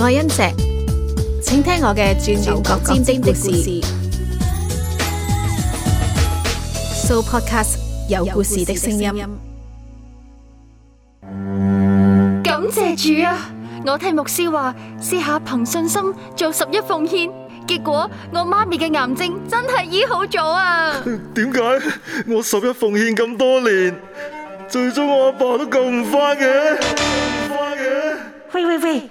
愛恩石，請聽我嘅轉轉角尖尖的故事。So podcast 有故事的聲音。感謝主啊！我聽牧師話，試下憑信心做十一奉獻，結果我媽咪嘅癌症真係醫好咗啊！點解我十一奉獻咁多年，最終我阿爸都救唔翻嘅？救唔翻嘅？喂喂喂！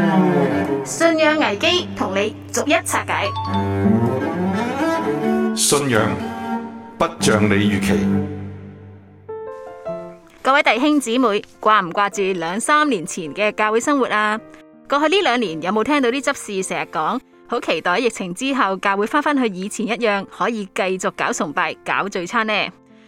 信仰危機同你逐一拆解。信仰不像你預期。各位弟兄姊妹，掛唔掛住兩三年前嘅教會生活啊？過去呢兩年有冇聽到啲執事成日講，好期待疫情之後教會返返去以前一樣，可以繼續搞崇拜、搞聚餐呢？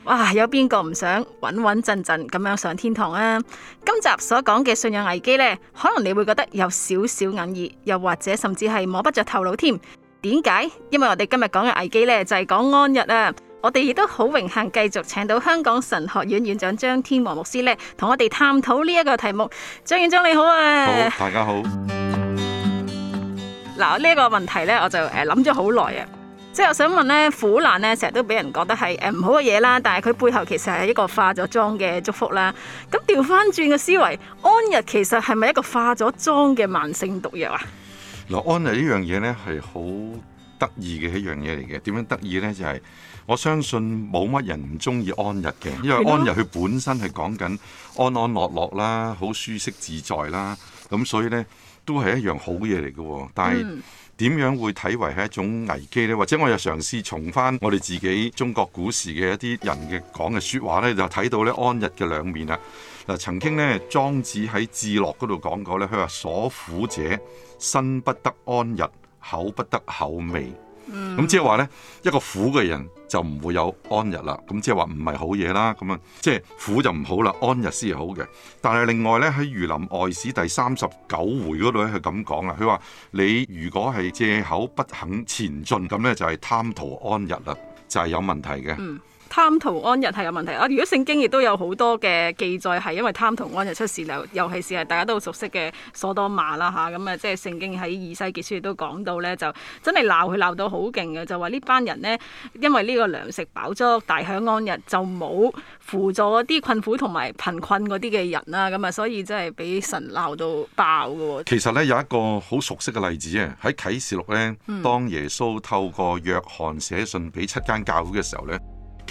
哇！有邊個唔想穩穩陣陣咁樣上天堂啊？今集所講嘅信仰危機呢，可能你會覺得有少少眼熱，又或者甚至係摸不着頭腦添。點解？因為我哋今日講嘅危機呢，就係、是、講安逸啊！我哋亦都好榮幸繼續請到香港神學院院長張天王牧師呢，同我哋探討呢一個題目。張院長你好啊！好，大家好。嗱，呢、這個問題呢，我就誒諗咗好耐啊！即係我想問咧，苦難咧成日都俾人覺得係誒唔好嘅嘢啦，但係佢背後其實係一個化咗妝嘅祝福啦。咁調翻轉嘅思維，安逸其實係咪一個化咗妝嘅慢性毒藥啊？嗱，安逸呢樣嘢咧，係好得意嘅一樣嘢嚟嘅。點樣得意咧？就係、是、我相信冇乜人唔中意安逸嘅，因為安逸佢本身係講緊安安樂樂啦，好舒適自在啦。咁所以咧都係一樣好嘢嚟嘅。但係、嗯。點樣會睇為係一種危機呢？或者我又嘗試從翻我哋自己中國古時嘅一啲人嘅講嘅説話咧，就睇到咧安逸嘅兩面啊！嗱，曾經咧莊子喺《治樂》嗰度講過咧，佢話：所苦者，身不得安逸，口不得口味。咁、嗯、即係話呢一個苦嘅人就唔會有安逸啦。咁即係話唔係好嘢啦。咁樣即係苦就唔好啦，安逸先係好嘅。但係另外呢，喺《儒林外史》第三十九回嗰度咧，佢咁講啦。佢話，你如果係借口不肯前進，咁呢就係、是、貪圖安逸啦，就係、是、有問題嘅。嗯貪圖安逸係個問題啊！如果聖經亦都有好多嘅記載，係因為貪圖安逸出事啦，尤其是係大家都熟悉嘅索多瑪啦嚇。咁啊，嗯嗯、即係聖經喺以西結書亦都講到咧，就真係鬧佢鬧到好勁嘅，就話呢班人呢，因為呢個糧食飽足、大享安逸，就冇扶助啲困苦同埋貧困嗰啲嘅人啦。咁啊、嗯，所以真係俾神鬧到爆嘅。其實咧有一個好熟悉嘅例子啊，喺啟示錄咧，當耶穌透過約翰寫信俾七間教會嘅時候咧。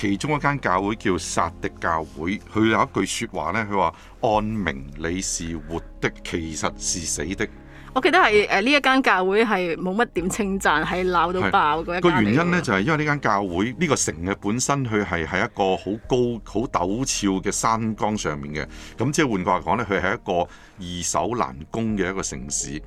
其中一間教會叫撒迪教會，佢有一句説話呢，佢話：按名你是活的，其實是死的。我記得係呢、呃、一間教會係冇乜點稱讚，係鬧到爆嗰一間。個原因呢，就係、是、因為呢間教會呢、這個城嘅本身佢係喺一個好高好陡峭嘅山崗上面嘅，咁即係換句話講呢，佢係一個易守難攻嘅一個城市。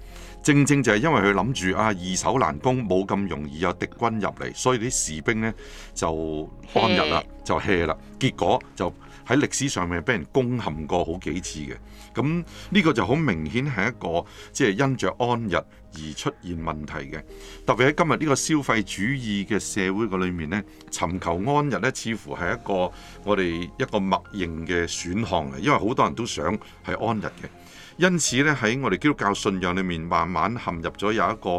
正正就係因為佢諗住啊，易守難攻，冇咁容易有敵軍入嚟，所以啲士兵呢就安日啦，是就歇 e 啦。結果就喺歷史上面俾人攻陷過好幾次嘅。咁呢個就好明顯係一個即係、就是、因着安日而出現問題嘅。特別喺今日呢個消費主義嘅社會個裏面呢，尋求安日呢似乎係一個我哋一個默認嘅選項嚟，因為好多人都想係安日嘅。因此咧，喺我哋基督教信仰裏面，慢慢陷入咗有一個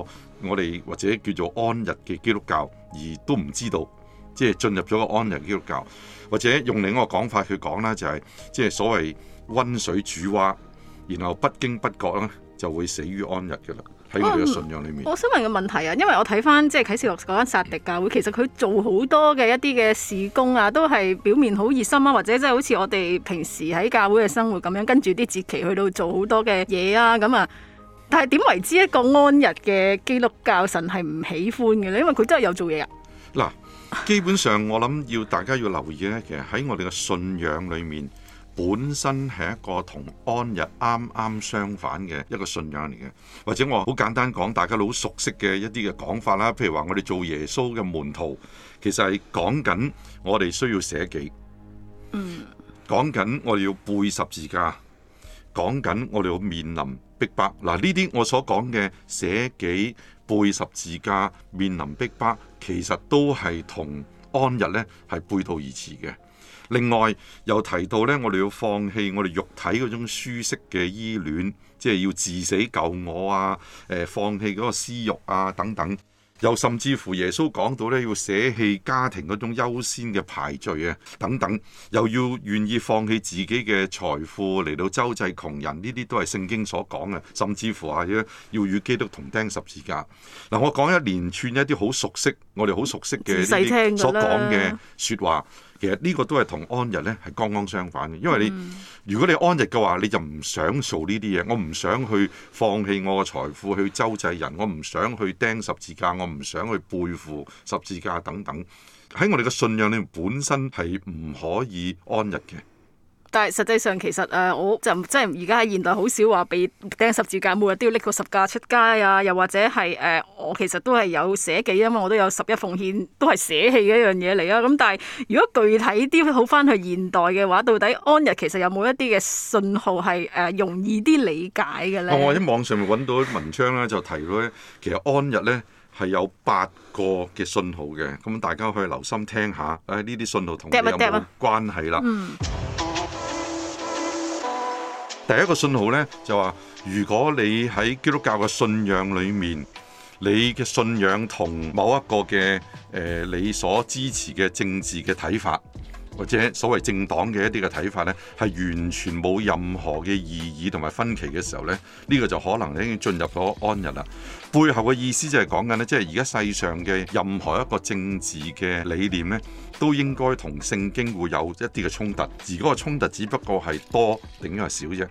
我哋或者叫做安逸嘅基督教，而都唔知道，即係進入咗個安逸的基督教，或者用另一個講法去講咧，就係即係所謂温水煮蛙，然後不經不覺咧就會死於安逸嘅啦。喺我哋嘅信仰裏面，啊、我想問個問題啊，因為我睇翻即係啟示錄嗰間撒迪教會，其實佢做好多嘅一啲嘅事工啊，都係表面好熱心啊，或者即係好似我哋平時喺教會嘅生活咁樣，跟住啲節期去到做好多嘅嘢啊，咁啊，但係點為之一個安逸嘅基督教神係唔喜歡嘅呢？因為佢真係有做嘢啊！嗱，基本上我諗要大家要留意咧，其實喺我哋嘅信仰裏面。本身係一個同安日啱啱相反嘅一個信仰嚟嘅，或者我好簡單講，大家都好熟悉嘅一啲嘅講法啦。譬如話，我哋做耶穌嘅門徒，其實係講緊我哋需要捨己，嗯，講緊我哋要背十字架，講緊我哋要面臨逼迫。嗱，呢啲我所講嘅捨己、背十字架、面臨逼迫，其實都係同安日呢係背道而馳嘅。另外又提到咧，我哋要放棄我哋肉體嗰種舒適嘅依戀，即係要自死救我啊！誒，放棄嗰個私欲啊，等等，又甚至乎耶穌講到咧，要捨棄家庭嗰種優先嘅排序啊，等等，又要願意放棄自己嘅財富嚟到周濟窮人，呢啲都係聖經所講嘅，甚至乎啊要與基督同釘十字架。嗱、嗯，我講一連串一啲好熟悉，我哋好熟悉嘅呢啲所講嘅說話。其實呢個都係同安逸咧係剛剛相反嘅，因為你、嗯、如果你安逸嘅話，你就唔想做呢啲嘢，我唔想去放棄我嘅財富去周濟人，我唔想去釘十字架，我唔想去背負十字架等等。喺我哋嘅信仰裏面，本身係唔可以安逸嘅。但係實際上其實誒、啊，我就即係而家喺現代好少話被釘十字架，每日都要拎個十字架出街啊！又或者係誒、呃，我其實都係有捨己因為，我都有十一奉獻，都係捨棄嘅一樣嘢嚟啊！咁但係如果具體啲好翻去現代嘅話，到底安日其實有冇一啲嘅信號係誒容易啲理解嘅咧？我喺網上面揾到文章咧，就提到咧，其實安日咧係有八個嘅信號嘅，咁大家可以留心聽下，誒呢啲信號同有冇關係啦。嗯第一個信號呢，就話如果你喺基督教嘅信仰裏面，你嘅信仰同某一個嘅誒、呃，你所支持嘅政治嘅睇法，或者所謂政黨嘅一啲嘅睇法呢，係完全冇任何嘅異議同埋分歧嘅時候呢，呢個就可能已經進入咗安日啦。背後嘅意思就係講緊呢，即係而家世上嘅任何一個政治嘅理念呢，都應該同聖經會有一啲嘅衝突，而嗰個衝突只不過係多定係少啫。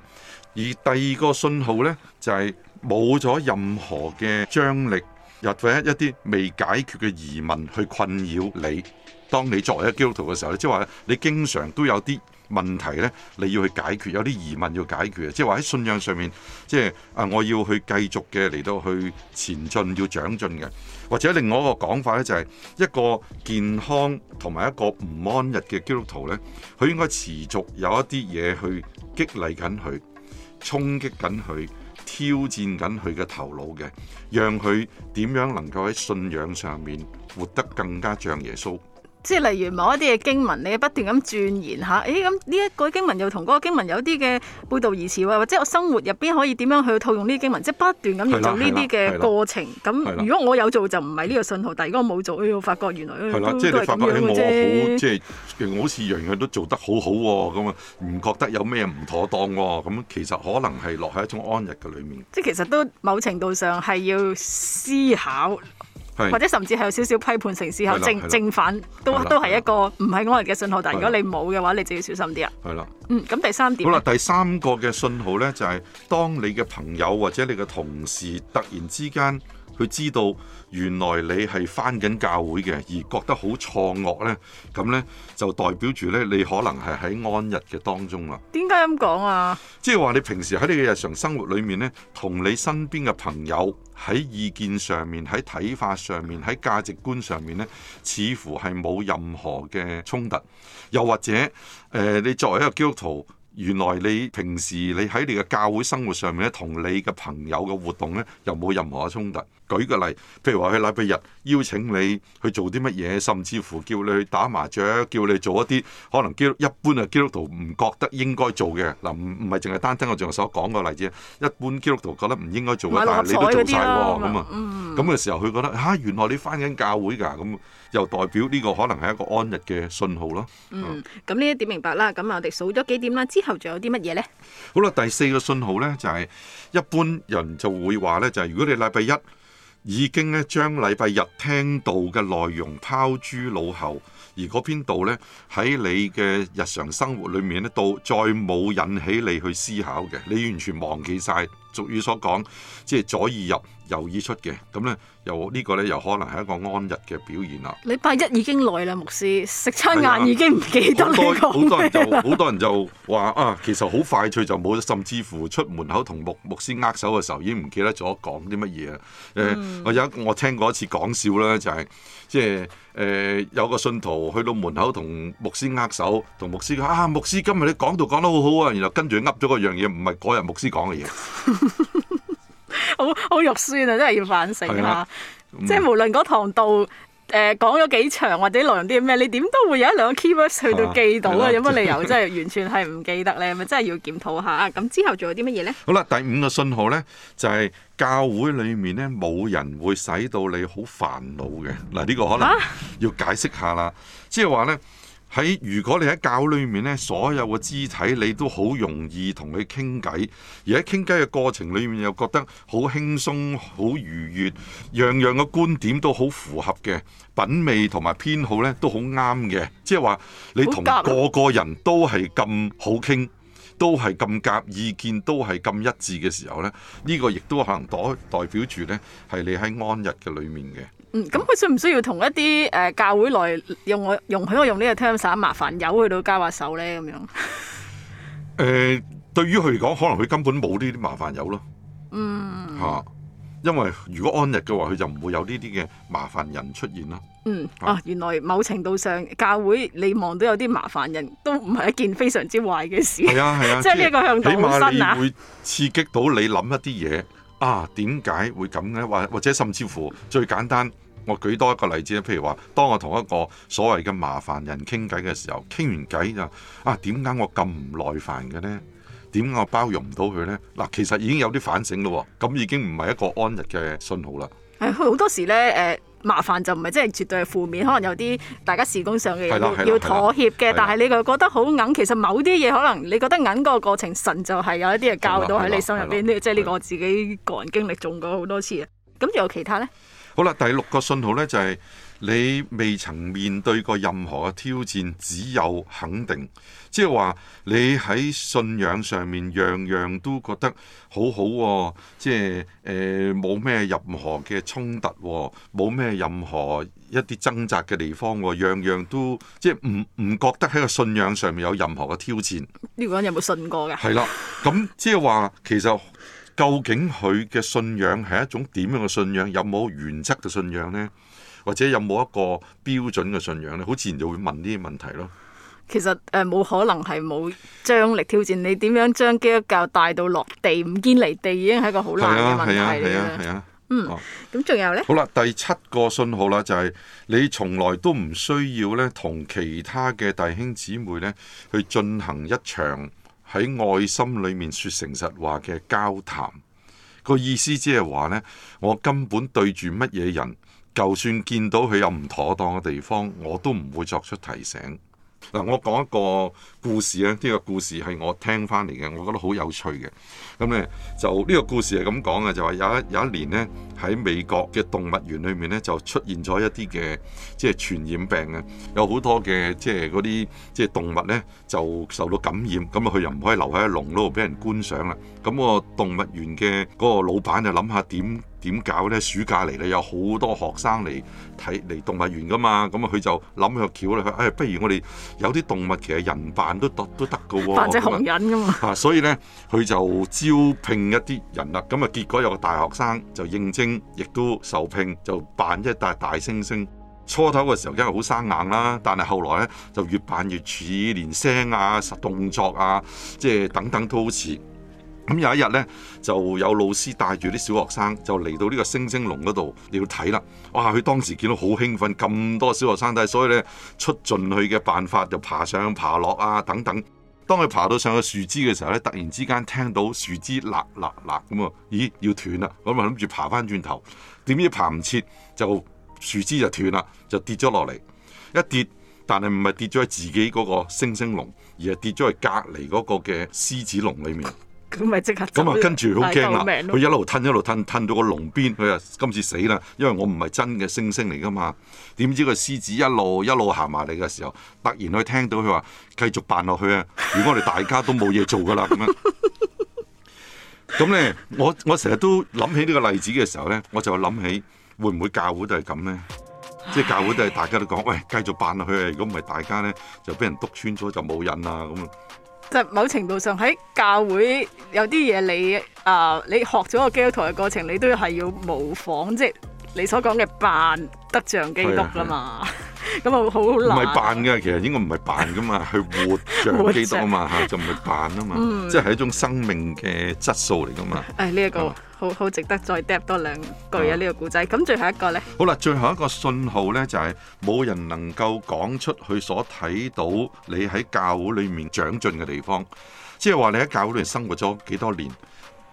而第二個信號呢，就係冇咗任何嘅張力，又或者一啲未解決嘅疑問去困擾你。當你作為一個基督徒嘅時候咧，即係話咧，你經常都有啲問題咧，你要去解決，有啲疑問要解決，即係話喺信仰上面，即係啊，我要去繼續嘅嚟到去前進，要長進嘅，或者另外一個講法咧就係一個健康同埋一個唔安逸嘅基督徒咧，佢應該持續有一啲嘢去激勵緊佢，衝擊緊佢，挑戰緊佢嘅頭腦嘅，讓佢點樣能夠喺信仰上面活得更加像耶穌。即係例如某一啲嘅經文，你不斷咁鑽研下，誒咁呢一個經文又同嗰個經文有啲嘅背道而馳喎，或者我生活入邊可以點樣去套用呢啲經文，即係不斷咁做呢啲嘅過程。咁如果我有做就唔係呢個信號，但係如果我冇做，哎、我要發覺原來的都係點樣即係發覺我好即係，我好似樣樣都做得好好、啊、喎，咁啊唔覺得有咩唔妥當喎、啊，咁其實可能係落喺一種安逸嘅裡面。即係其實都某程度上係要思考。是或者甚至係有少少批判性思考正的正反都的都係一個唔係安逸嘅信號，的但係如果你冇嘅話，你就要小心啲啊。係啦的，嗯，咁第三點好啦，第三個嘅信號呢，就係、是、當你嘅朋友或者你嘅同事突然之間。佢知道原來你係返緊教會嘅，而覺得好錯愕呢。咁呢，就代表住咧，你可能係喺安逸嘅當中啦。點解咁講啊？即係話你平時喺你嘅日常生活裏面呢，同你身邊嘅朋友喺意見上面、喺睇法上面、喺價值觀上面呢，似乎係冇任何嘅衝突，又或者誒、呃，你作為一個基督徒。原來你平時你喺你嘅教會生活上面咧，同你嘅朋友嘅活動咧，又冇任何嘅衝突。舉個例，譬如話喺禮拜日邀請你去做啲乜嘢，甚至乎叫你去打麻雀，叫你做一啲可能基一般嘅基督徒唔覺得應該做嘅嗱，唔唔係淨係單聽我上所講個例子，一般基督徒覺得唔應該做嘅，但係你都做晒喎。咁啊，咁嘅樣、嗯、時候佢覺得嚇、啊，原來你翻緊教會㗎咁。就代表呢個可能係一個安逸嘅信號咯。嗯，咁呢一點明白啦。咁我哋數咗幾點啦？之後仲有啲乜嘢呢？好啦，第四個信號呢，就係、是、一般人就會話呢。就係、是、如果你禮拜一已經呢將禮拜日聽到嘅內容拋諸腦後，而嗰篇道呢喺你嘅日常生活裏面呢，到再冇引起你去思考嘅，你完全忘記晒。俗語所講，即、就、係、是、左耳入。又意出嘅，咁咧又呢個咧又可能係一個安逸嘅表現啦。禮拜一已經嚟啦，牧師食餐晏已經唔記得你講。好多好多人就話啊，其實好快脆就冇，甚至乎出門口同牧牧師握手嘅時候已經唔記得咗講啲乜嘢啦。誒，我有我聽過一次講笑啦，就係即係誒有個信徒去到門口同牧師握手，同牧師啊，牧師今日你講道講得好好啊，然後跟住噏咗個樣嘢，唔係嗰日牧師講嘅嘢。好好肉酸啊！真係要反省啊！的即係無論嗰堂道誒講咗幾長或者內容啲咩，你點都會有一兩個 keywords 去到記到啊！有乜理由 真係完全係唔記得咧？咪真係要檢討下。咁之後做咗啲乜嘢咧？好啦，第五個信號咧就係、是、教會裏面咧冇人會使到你好煩惱嘅。嗱呢、這個可能要解釋下啦，啊、即係話咧。喺如果你喺教裏面呢，所有嘅肢體你都好容易同佢傾偈，而喺傾偈嘅過程裏面又覺得好輕鬆、好愉悅，樣樣嘅觀點都好符合嘅，品味同埋偏好呢都好啱嘅，即係話你同個個人都係咁好傾、啊，都係咁夾，意見都係咁一致嘅時候呢，呢、呢個亦都可能代代表住呢，係你喺安逸嘅裏面嘅。嗯，咁佢需唔需要同一啲誒、呃、教會來用我容許我用呢個 term 省麻煩友去到交下手咧咁樣？誒、 呃，對於佢嚟講，可能佢根本冇呢啲麻煩友咯。嗯，嚇、啊，因為如果安逸嘅話，佢就唔會有呢啲嘅麻煩人出現啦。嗯，啊，原來某程度上教會你望到有啲麻煩人都唔係一件非常之壞嘅事。係啊係啊，啊啊即係呢一個向度會刺激到你諗一啲嘢啊？點解會咁咧？或或者甚至乎最簡單。我舉多一個例子咧，譬如話，當我同一個所謂嘅麻煩人傾偈嘅時候，傾完偈就啊，點解我咁唔耐煩嘅咧？點我包容唔到佢咧？嗱，其實已經有啲反省咯，咁已經唔係一個安逸嘅信號啦。好多時咧，誒，麻煩就唔係真係絕對係負面，可能有啲大家時工上嘅嘢要，要妥協嘅，但係你又覺得好硬。其實某啲嘢可能你覺得硬個過程，神就係有一啲嘢教到喺你心入邊。即係呢個我自己個人經歷中過好多次啊。咁有其他咧？好啦，第六個信號呢，就係、是、你未曾面對過任何嘅挑戰，只有肯定，即係話你喺信仰上面樣樣都覺得好好喎，即係冇咩任何嘅衝突喎，冇咩任何一啲掙扎嘅地方喎，樣樣都即係唔唔覺得喺個信仰上面有任何嘅挑戰。呢個人有冇信過㗎？係啦，咁即係話其實。究竟佢嘅信仰係一種點樣嘅信仰？有冇原則嘅信仰呢？或者有冇一個標準嘅信仰咧？好自然就會問呢啲問題咯。其實誒冇、呃、可能係冇張力挑戰你，你點樣將基督教帶到落地唔堅離地，已經係一個好難嘅問題。係啊係啊係啊，係啊嗯，咁仲、哦、有呢？好啦，第七個信號啦、就係，就係你從來都唔需要咧，同其他嘅弟兄姊妹咧去進行一場喺愛心裏面說誠實話嘅交談，個意思即係話呢，我根本對住乜嘢人，就算見到佢有唔妥當嘅地方，我都唔會作出提醒。嗱、啊，我講一個故事咧，呢、呢個故事係我聽翻嚟嘅，我覺得好有趣嘅。咁呢，就呢、呢個故事係咁講嘅，就話有一有一年呢，喺美國嘅動物園裏面呢，就出現咗一啲嘅即係傳染病嘅、啊，有好多嘅即係嗰啲即係動物呢，就受到感染，咁啊佢又唔可以留喺個籠度俾人觀賞啦。咁、嗰個動物園嘅嗰個老闆就諗下點點搞呢？暑假嚟啦，有好多學生嚟睇嚟動物園噶嘛。咁啊佢就諗個橋咧，誒、哎、不如我哋有啲動物其實人都都、哦、扮都得都得嘅喎。扮隻紅人嘅嘛、啊。所以呢，佢就招聘一啲人啦。咁啊結果有個大學生就應徵，亦都受聘就扮一隻大，大猩猩。初頭嘅時候因為好生硬啦，但係後來咧就越扮越似，連聲啊、實動作啊、即係等等都好似。咁有一日呢，就有老師帶住啲小學生就嚟到呢個猩猩籠嗰度要睇啦。哇！佢當時見到好興奮，咁多小學生都係，但所以呢，出盡佢嘅辦法就爬上爬落啊等等。當佢爬到上個樹枝嘅時候呢，突然之間聽到樹枝裂裂裂咁啊！咦，要斷啦，咁啊諗住爬翻轉頭，點知爬唔切就～樹枝就斷啦，就跌咗落嚟。一跌，但係唔係跌咗喺自己嗰個猩猩籠，而係跌咗喺隔籬嗰個嘅獅子籠裏面。咁咪即刻走咗啊！跟住好驚啦，佢一路吞一路吞，吞到個籠邊，佢話今次死啦，因為我唔係真嘅猩猩嚟噶嘛。點知個獅子一路一路行埋嚟嘅時候，突然佢聽到佢話繼續扮落去啊！如果我哋大家都冇嘢做噶啦咁樣。咁咧， 我我成日都諗起呢個例子嘅時候咧，我就諗起。會唔會教會就係咁咧？即係教會都係大家都講，喂，繼續扮落去。如果唔係，大家咧就俾人篤穿咗，就冇癮啦咁。即係某程度上喺教會有啲嘢，你啊，你學咗個基督徒嘅過程，你都係要模仿，即係你所講嘅扮得像基督啊嘛。咁啊，好難。唔係扮噶，其實應該唔係扮噶嘛，去活像基督啊嘛，吓就唔係扮啊嘛。即係係一種生命嘅質素嚟噶嘛。誒，呢一個。好好值得再答多兩句啊！呢、啊、個故仔咁，最後一個呢？好啦，最後一個信號呢，就係、是、冇人能夠講出佢所睇到你喺教會裏面長進嘅地方，即係話你喺教會裏面生活咗幾多年，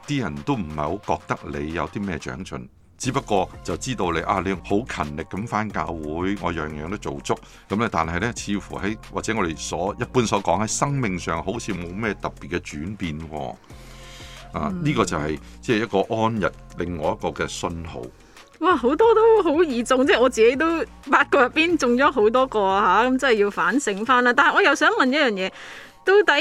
啲人都唔係好覺得你有啲咩長進，只不過就知道你啊，你好勤力咁翻教會，我樣樣都做足咁咧，但係呢，似乎喺或者我哋所一般所講喺生命上好似冇咩特別嘅轉變。啊！呢、嗯、個就係即係一個安逸，另外一個嘅信號。哇！好多都好易中，即係我自己都八個入邊中咗好多個嚇，咁、啊嗯、真係要反省翻啦。但係我又想問一樣嘢，到底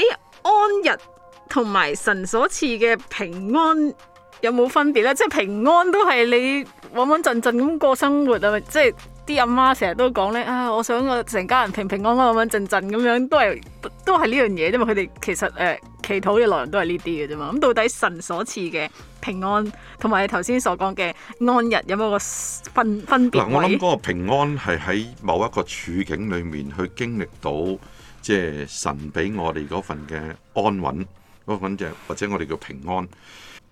安逸同埋神所賜嘅平安有冇分別咧？即係平安都係你穩穩陣陣咁過生活啊？即係。啲阿媽成日都講咧啊，我想我成家人平平安安、穩穩陣陣咁樣，都係都係呢樣嘢啫嘛。佢哋其實誒、呃、祈禱嘅內容都係呢啲嘅啫嘛。咁到底神所賜嘅平安同埋你頭先所講嘅安逸有冇個分分別位？嗱，我諗嗰個平安係喺某一個處境裡面去經歷到，即係神俾我哋嗰份嘅安穩嗰份嘅，或者我哋叫平安。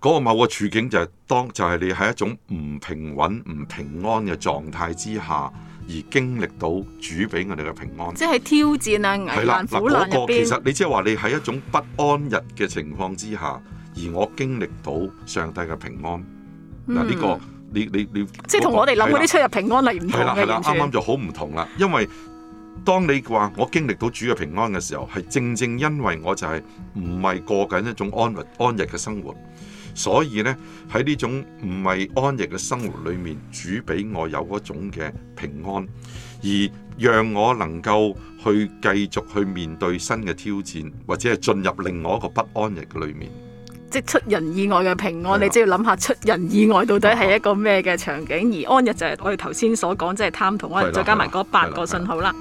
嗰個某個處境就係當就係你喺一種唔平穩、唔平安嘅狀態之下，而經歷到主俾我哋嘅平安，即係挑戰啊、危難、對了，苦難邊。其實你即係話你喺一種不安逸嘅情況之下，而我經歷到上帝嘅平安。嗱呢、嗯這個你你你，你你即係同我哋諗嗰啲出入平安嚟唔同嘅諗法。係啦，啱啱就好唔同啦，因為當你話我經歷到主嘅平安嘅時候，係正正因為我就係唔係過緊一種安穩安逸嘅生活。所以呢，喺呢種唔係安逸嘅生活裏面，主俾我有一種嘅平安，而讓我能夠去繼續去面對新嘅挑戰，或者係進入另外一個不安逸嘅裏面。即係出人意外嘅平安，是的 你只要諗下出人意外到底係一個咩嘅場景？是的 而安逸就係我哋頭先所講，即、就、係、是、貪同愛，是的 再加埋嗰八個信號啦。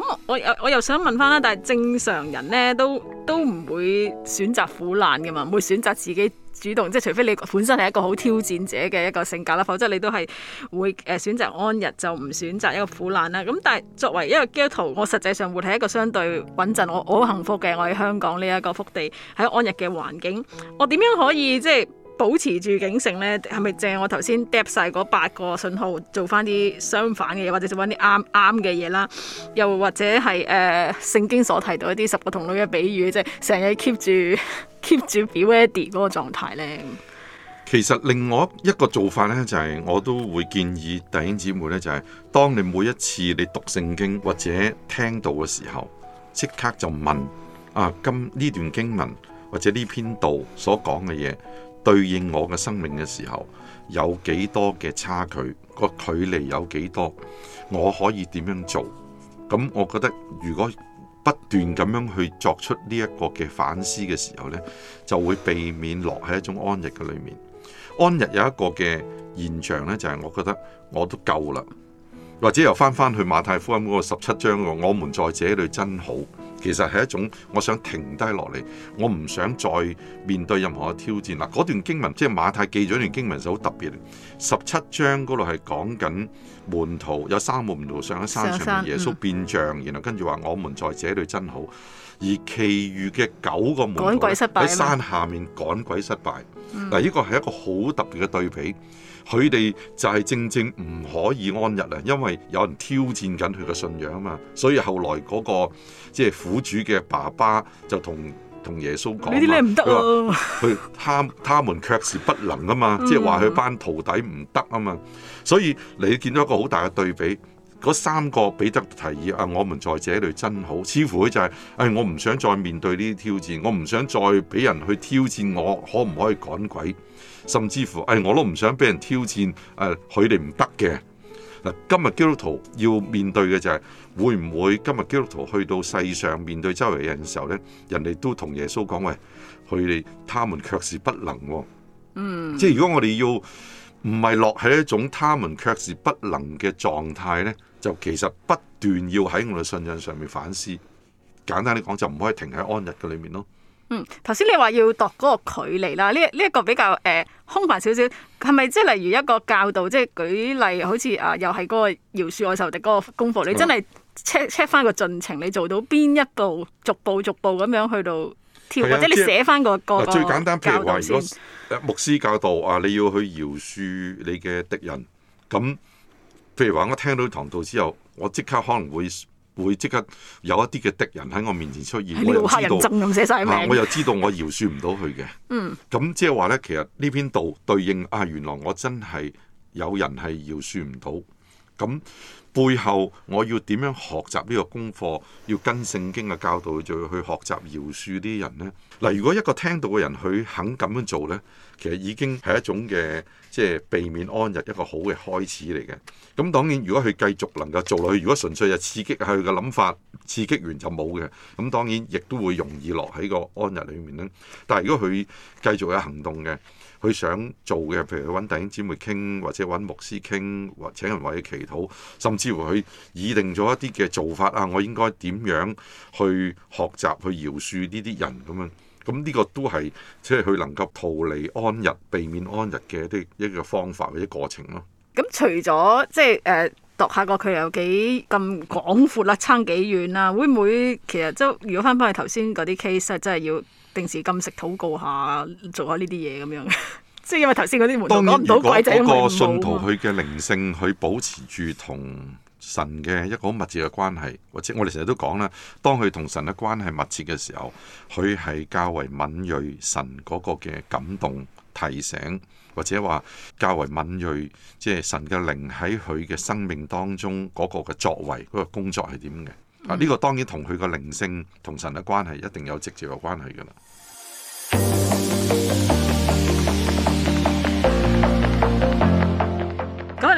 咁、嗯、我又我又想問翻啦，但係正常人咧都都唔會選擇苦難嘅嘛，唔會選擇自己主動，即係除非你本身係一個好挑戰者嘅一個性格啦，否則你都係會誒選擇安逸，就唔選擇一個苦難啦。咁但係作為一個基 o u 我實際上會係一個相對穩陣，我我好幸福嘅，我喺香港呢一個福地，喺安逸嘅環境，我點樣可以即係？保持住警醒呢，係咪正？我頭先嗒晒嗰八個信號，做翻啲相反嘅嘢，或者做翻啲啱啱嘅嘢啦。又或者係誒、呃，聖經所提到一啲十個童女嘅比喻，即係成日 keep 住 keep 住 be ready 嗰個狀態呢？其實另外一個做法呢，就係、是、我都會建議弟兄姊妹呢，就係、是、當你每一次你讀聖經或者聽到嘅時候，即刻就問啊，今呢段經文或者呢篇道所講嘅嘢。對應我嘅生命嘅時候，有幾多嘅差距，個距離有幾多，我可以點樣做？咁我覺得，如果不斷咁樣去作出呢一個嘅反思嘅時候，呢就會避免落喺一種安逸嘅裡面。安逸有一個嘅現象，呢就係我覺得我都夠啦，或者又翻翻去馬太福音嗰個十七章個，我們在這裏真好。其實係一種，我想停低落嚟，我唔想再面對任何嘅挑戰嗱，嗰、啊、段經文，即係馬太記咗段經文，就好特別。十七章嗰度係講緊門徒，有三個門徒上喺山上面，耶穌變像，然後跟住話我們在這裏真好。而其餘嘅九個門徒喺山下面趕鬼失敗。嗱、嗯，呢個係一個好特別嘅對比。佢哋就係正正唔可以安逸喇，因為有人挑戰緊佢嘅信仰啊嘛，所以後來嗰、那個即係苦主嘅爸爸就同同耶穌講：你啲嘢唔得咯，佢他他，他，他們卻是不能啊嘛，即係話佢班徒弟唔得啊嘛，嗯、所以你見到一個好大嘅對比，嗰三個彼得提議啊，我們在這裏真好，似乎就係、是，唉、哎，我唔想再面對呢啲挑戰，我唔想再俾人去挑戰我，可唔可以趕鬼？甚至乎，誒、哎、我都唔想俾人挑戰，誒佢哋唔得嘅嗱。今日基督徒要面對嘅就係、是，會唔會今日基督徒去到世上面對周圍人嘅時候咧，人哋都同耶穌講：喂，佢哋，他們卻是不能、哦。嗯，mm. 即係如果我哋要唔係落喺一種他們卻是不能嘅狀態咧，就其實不斷要喺我哋信仰上面反思。簡單啲講，就唔可以停喺安逸嘅裏面咯、哦。嗯，頭先你話要度嗰個距離啦，呢呢一個比較誒、呃、空泛少少，係咪即係例如一個教導，即係舉例，好似啊，又係嗰個饒恕愛仇敵嗰個功課，的你真係 check check 翻個進程，你做到邊一步，逐步逐步咁樣去到跳，的或者你寫翻、那個，的個歌最簡單，譬如話如果牧師教導啊，你要去饒恕你嘅敵人，咁譬如話我聽到唐道之後，我即刻可能會。會即刻有一啲嘅敵人喺我面前出現，人我又知道，我又知道我饒恕唔到佢嘅。嗯，咁即係話呢，其實呢篇道對應啊，原來我真係有人係饒恕唔到。咁背後我要點樣學習呢個功課？要跟聖經嘅教導，就要去學習饒恕啲人呢。嗱，如果一個聽到嘅人佢肯咁樣做呢，其實已經係一種嘅即係避免安逸一個好嘅開始嚟嘅。咁當然，如果佢繼續能夠做落去，如果純粹係刺激佢嘅諗法，刺激完就冇嘅，咁當然亦都會容易落喺個安逸裏面咧。但係如果佢繼續有行動嘅，佢想做嘅，譬如揾弟兄姊妹傾，或者揾牧師傾，或請人為佢祈禱，甚至乎佢擬定咗一啲嘅做法啊，我應該點樣去學習去饒恕呢啲人咁樣。咁呢個都係即係佢能夠逃離安逸、避免安逸嘅一啲一個方法或者過程咯。咁除咗即係度下個佢有幾咁廣闊啦，撐幾遠啦？會唔會其實即如果翻返去頭先嗰啲 case，真係要定時禁食、禱告下，做下呢啲嘢咁樣？即係因為頭先嗰啲門都擋唔到鬼仔。嗰個信徒佢嘅靈性，佢保持住同，神嘅一個好密切嘅關係，或者我哋成日都講啦，當佢同神嘅關係密切嘅時候，佢係較為敏鋭神嗰個嘅感動提醒，或者話較為敏鋭，即係神嘅靈喺佢嘅生命當中嗰個嘅作為嗰個工作係點嘅？嗯，啊，呢個當然同佢個靈性同神嘅關係一定有直接嘅關係噶啦。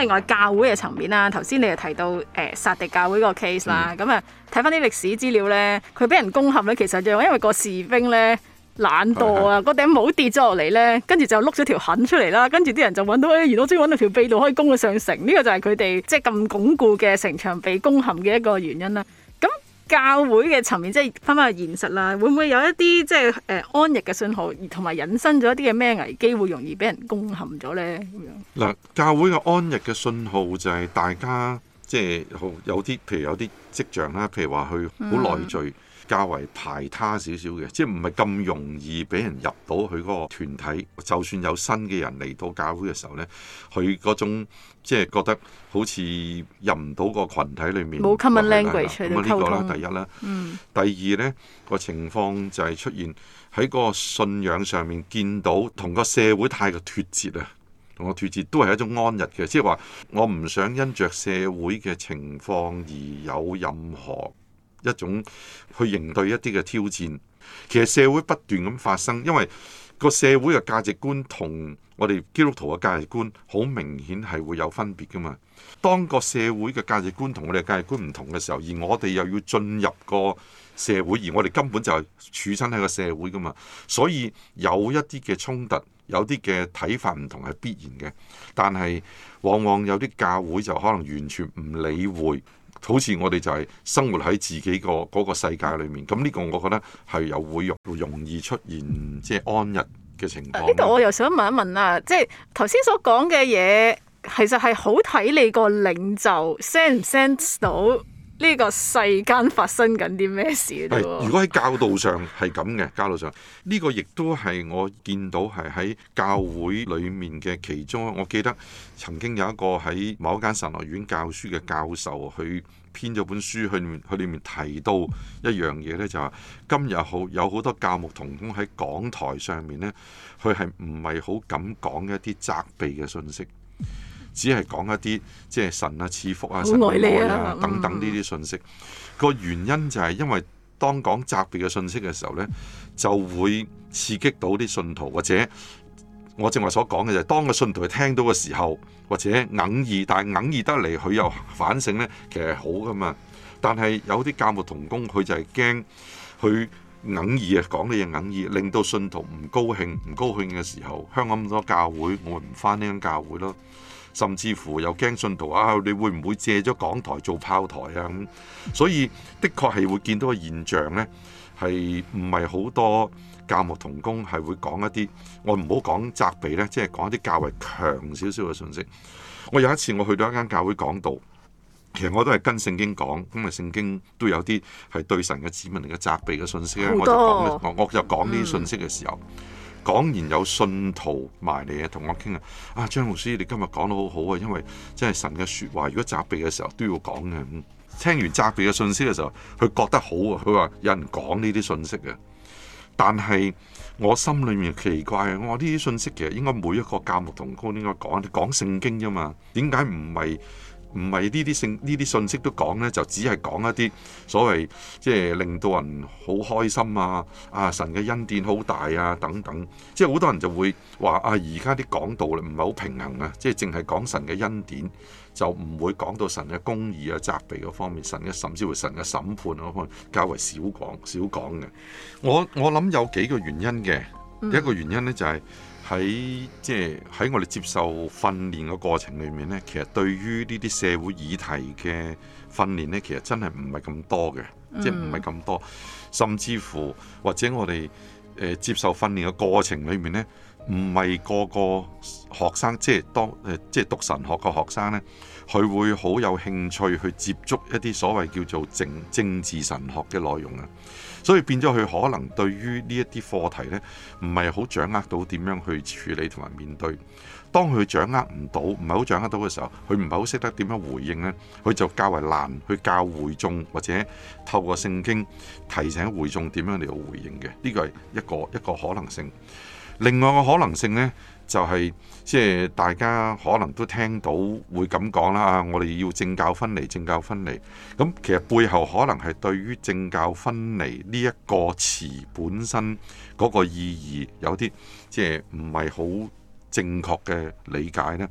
另外教會嘅層面啦，頭先你又提到誒撒迪教會個 case 啦，咁啊睇返啲歷史資料咧，佢俾人攻陷咧，其實就因為個士兵咧懶惰啊，個頂帽跌咗落嚟咧，跟住就碌咗條痕出嚟啦，跟住啲人就揾到，咦，原來終於揾到條秘道可以攻去上城，呢個就係佢哋即係咁鞏固嘅城牆被攻陷嘅一個原因啦。教會嘅層面即係翻返去現實啦，會唔會有一啲即係誒安逸嘅信號，同埋引申咗一啲嘅咩危機，會容易俾人攻陷咗呢？咁樣嗱，教會嘅安逸嘅信號就係大家。即係好有啲，譬如有啲跡象啦，譬如話佢好內聚，較為排他少少嘅，即係唔係咁容易俾人入到佢嗰個團體。就算有新嘅人嚟到教會嘅時候咧，佢嗰種即係覺得好似入唔到個群體裡面，冇 common language 出嚟溝通。咁呢個啦第一啦。嗯。第二咧個情況就係出現喺個信仰上面見到同個社會太過脱節啊。同我脱節都係一種安逸嘅，即係話我唔想因着社會嘅情況而有任何一種去應對一啲嘅挑戰。其實社會不斷咁發生，因為個社會嘅價值觀同我哋基督徒嘅價值觀好明顯係會有分別噶嘛。當個社會嘅價值觀同我哋嘅價值觀唔同嘅時候，而我哋又要進入個社會，而我哋根本就係處身喺個社會噶嘛，所以有一啲嘅衝突。有啲嘅睇法唔同係必然嘅，但係往往有啲教會就可能完全唔理會，好似我哋就係生活喺自己個嗰世界裏面。咁呢個我覺得係有會容容易出現即係安逸嘅情況。呢度，啊，我又想問一問啊，即係頭先所講嘅嘢，其實係好睇你個領袖 send 唔 send 到。呢個世間發生緊啲咩事，如果喺教導上係咁嘅。 教導上呢、這個亦都係我見到係喺教會裡面嘅其中。我記得曾經有一個喺某一間神學院教書嘅教授，佢編咗本書去裏，去面佢裏面提到一樣嘢呢就話、是、今日好有好多教牧同工喺講台上面呢佢係唔係好敢講一啲責備嘅信息？只係講一啲即係神啊、賜福啊、神愛啊等等呢啲信息。個、嗯、原因就係因為當講特別嘅信息嘅時候呢，就會刺激到啲信徒，或者我正話所講嘅就係、是、當個信徒聽到嘅時候，或者哽耳，但係哽耳得嚟，佢又反省呢，其實好噶嘛。但係有啲教牧同工，佢就係驚佢哽耳啊，講嘅嘢哽耳，令到信徒唔高興，唔高興嘅時候，香港咁多教會，我唔返呢間教會咯。甚至乎又驚信徒啊，你會唔會借咗港台做炮台啊？咁所以的確係會見到個現象呢，係唔係好多教牧同工係會講一啲我唔好講責備呢，即係講一啲較為強少少嘅信息。我有一次我去到一間教會講道，其實我都係跟聖經講，咁啊聖經都有啲係對神嘅子民嚟嘅責備嘅信息咧，多我就講，我我就講呢啲信息嘅時候。嗯講完有信徒埋嚟啊，同我傾啊，啊張老師，你今日講得好好啊，因為真係神嘅説話，如果責備嘅時候都要講嘅。咁聽完責備嘅信息嘅時候，佢覺得好啊，佢話有人講呢啲信息嘅，但係我心裏面奇怪啊，我話呢啲信息其實應該每一個教牧同工應該講，你講聖經啫嘛，點解唔係？唔係呢啲信呢啲信息都講呢，就只係講一啲所謂即係令到人好開心啊！啊，神嘅恩典好大啊，等等，即係好多人就會話啊，而家啲講道咧唔係好平衡啊，即係淨係講神嘅恩典，就唔會講到神嘅公義啊、責備嗰方面，神嘅甚至乎神嘅審判嗰方面較為少講少講嘅。我我諗有幾個原因嘅，一個原因呢就係、是。喺即係喺我哋接受訓練嘅過程裏面呢，其實對於呢啲社會議題嘅訓練呢，其實真係唔係咁多嘅，即係唔係咁多。甚至乎或者我哋誒、呃、接受訓練嘅過程裏面呢，唔係個個學生即係當誒即係讀神學嘅學生呢，佢會好有興趣去接觸一啲所謂叫做政政治神學嘅內容啊。所以變咗佢可能對於呢一啲課題呢，唔係好掌握到點樣去處理同埋面對。當佢掌握唔到，唔係好掌握到嘅時候，佢唔係好識得點樣回應呢，佢就較為難去教會眾，或者透過聖經提醒會眾點樣嚟去回應嘅。呢個係一個一個可能性。另外個可能性呢。就係即係大家可能都聽到會咁講啦，我哋要政教分離，政教分離。咁其實背後可能係對於政教分離呢一個詞本身嗰個意義有啲即係唔係好正確嘅理解呢。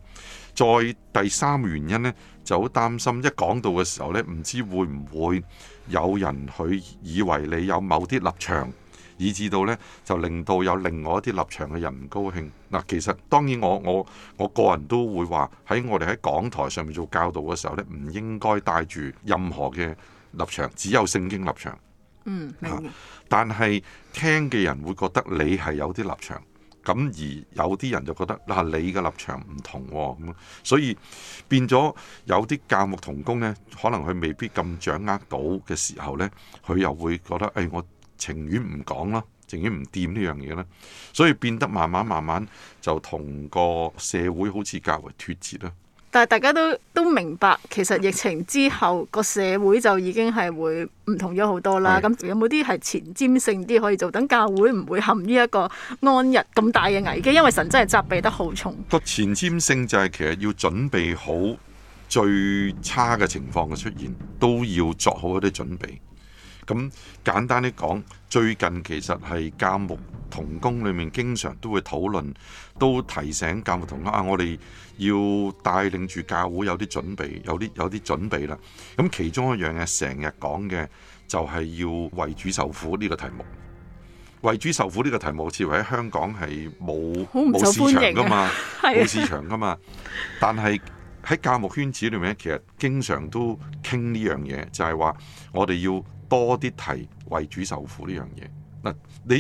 再第三原因呢，就好擔心一講到嘅時候呢，唔知會唔會有人去以為你有某啲立場。以至到呢，就令到有另外一啲立場嘅人唔高興。嗱，其實當然我我我個人都會話喺我哋喺講台上面做教導嘅時候呢，唔應該帶住任何嘅立場，只有聖經立場。嗯、但係聽嘅人會覺得你係有啲立場，咁而有啲人就覺得嗱、啊、你嘅立場唔同咁、哦，所以變咗有啲教牧同工呢，可能佢未必咁掌握到嘅時候呢，佢又會覺得誒、哎、我。情願唔講啦，情願唔掂呢樣嘢啦，所以變得慢慢慢慢就同個社會好似較為脫節啦。但係大家都都明白，其實疫情之後個社會就已經係會唔同咗好多啦。咁的有冇啲係前瞻性啲，可以做？等教會唔會陷於一個安逸咁大嘅危機？因為神真係責備得好重。個前瞻性就係其實要準備好最差嘅情況嘅出現，都要作好一啲準備。咁簡單啲講，最近其實係教牧同工裏面經常都會討論，都提醒教牧同工啊，我哋要帶領住教會，有啲準備，有啲有啲準備啦。咁其中一樣嘢成日講嘅就係、是、要為主受苦呢個題目。為主受苦呢個題目，似乎喺香港係冇冇市場㗎嘛，冇 是的 市場㗎嘛。但係喺教牧圈子裏面，其實經常都傾呢樣嘢，就係、是、話我哋要。多啲提為主受苦呢樣嘢嗱，你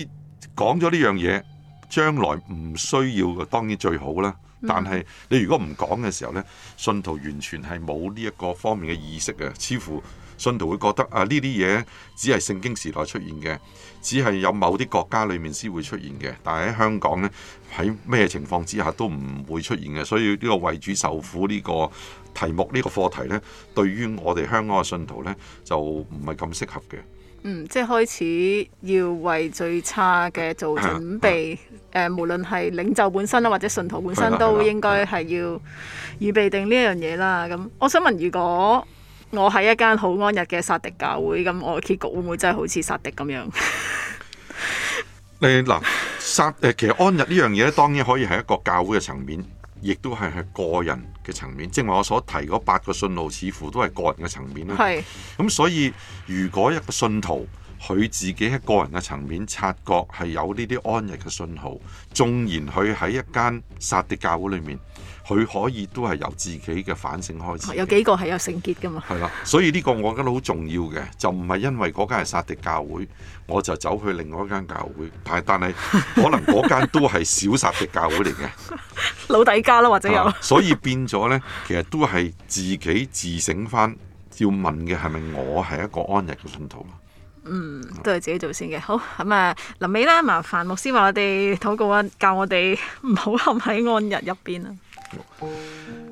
講咗呢樣嘢，將來唔需要嘅當然最好啦。但係你如果唔講嘅時候呢，信徒完全係冇呢一個方面嘅意識嘅，似乎信徒會覺得啊呢啲嘢只係聖經時代出現嘅，只係有某啲國家裡面先會出現嘅。但係喺香港呢，喺咩情況之下都唔會出現嘅。所以呢個為主受苦呢個。題目呢個課題呢，對於我哋香港嘅信徒呢，就唔係咁適合嘅。嗯，即係開始要為最差嘅做準備。誒、啊啊呃，無論係領袖本身或者信徒本身，都、啊啊啊、應該係要預備定呢一樣嘢啦。咁，我想問：如果我喺一間好安逸嘅撒迪教會，咁我嘅結局會唔會真係好似撒迪咁樣？ 你嗱撒其實安逸呢樣嘢咧，當然可以係一個教會嘅層面，亦都係係個人嘅層面，正話我所提嗰八個信號，似乎都係個人嘅層面啦。咁係所以如果一個信徒，佢自己喺個人嘅層面察覺係有呢啲安逸嘅信號，縱然佢喺一間撒旦教會裏面，佢可以都係由自己嘅反省開始。有幾個係有聖潔㗎嘛？係啦，所以呢個我覺得好重要嘅，就唔係因為嗰間係撒狄教會，我就走去另外一間教會，但係但係可能嗰間 都係小撒狄教會嚟嘅 老底嘉啦，或者有。所以變咗呢，其實都係自己自省返，要問嘅係咪我係一個安逸嘅信徒咯？嗯，都係自己做先嘅。好，咁誒，臨尾啦，麻煩牧師話我哋禱告啊，教我哋唔好陷喺安逸入邊啊！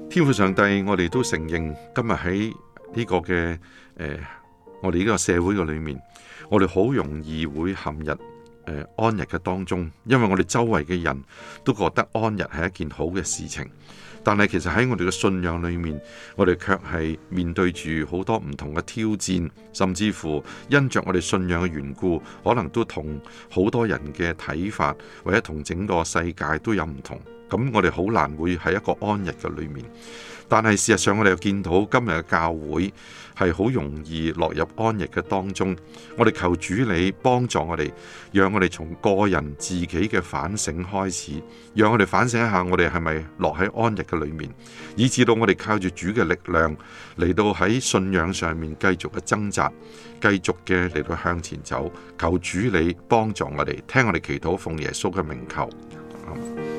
天父上帝，我哋都承認今，今日喺呢個嘅誒，我哋呢個社會嘅裏面，我哋好容易會陷入誒、呃、安逸嘅當中，因為我哋周圍嘅人都覺得安逸係一件好嘅事情，但係其實喺我哋嘅信仰裏面，我哋卻係面對住好多唔同嘅挑戰，甚至乎因着我哋信仰嘅緣故，可能都同好多人嘅睇法，或者同整個世界都有唔同。咁我哋好難會喺一個安逸嘅裏面，但係事實上我哋又見到今日嘅教會係好容易落入安逸嘅當中。我哋求主你幫助我哋，讓我哋從個人自己嘅反省開始，讓我哋反省一下我哋係咪落喺安逸嘅裏面，以至到我哋靠住主嘅力量嚟到喺信仰上面繼續嘅掙扎，繼續嘅嚟到向前走。求主你幫助我哋，聽我哋祈禱，奉耶穌嘅名求。嗯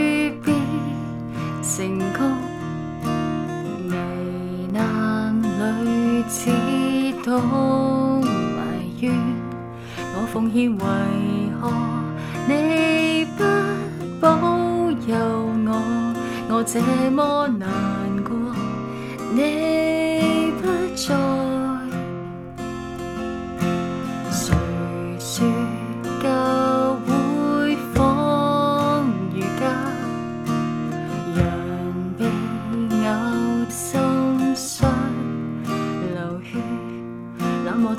知道埋怨，我奉獻為何你不保佑我？我這麼難過，你不在。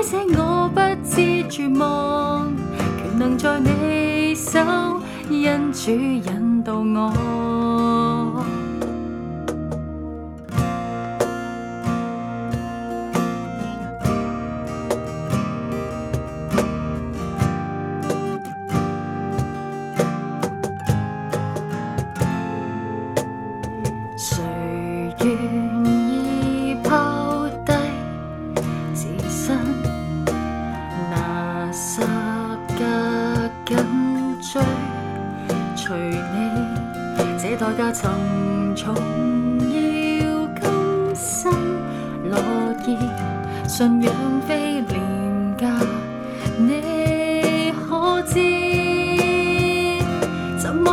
哀我不知絕望，權能在你手，因主引導我。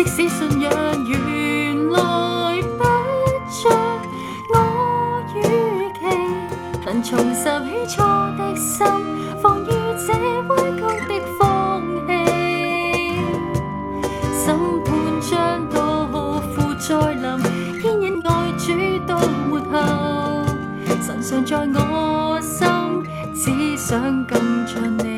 即使信仰原來不盡我預期，能重拾起初的心，防禦的放於這危急的風氣，審判將到，負再臨，牽引愛主到末後，神常在我心，只想更像你。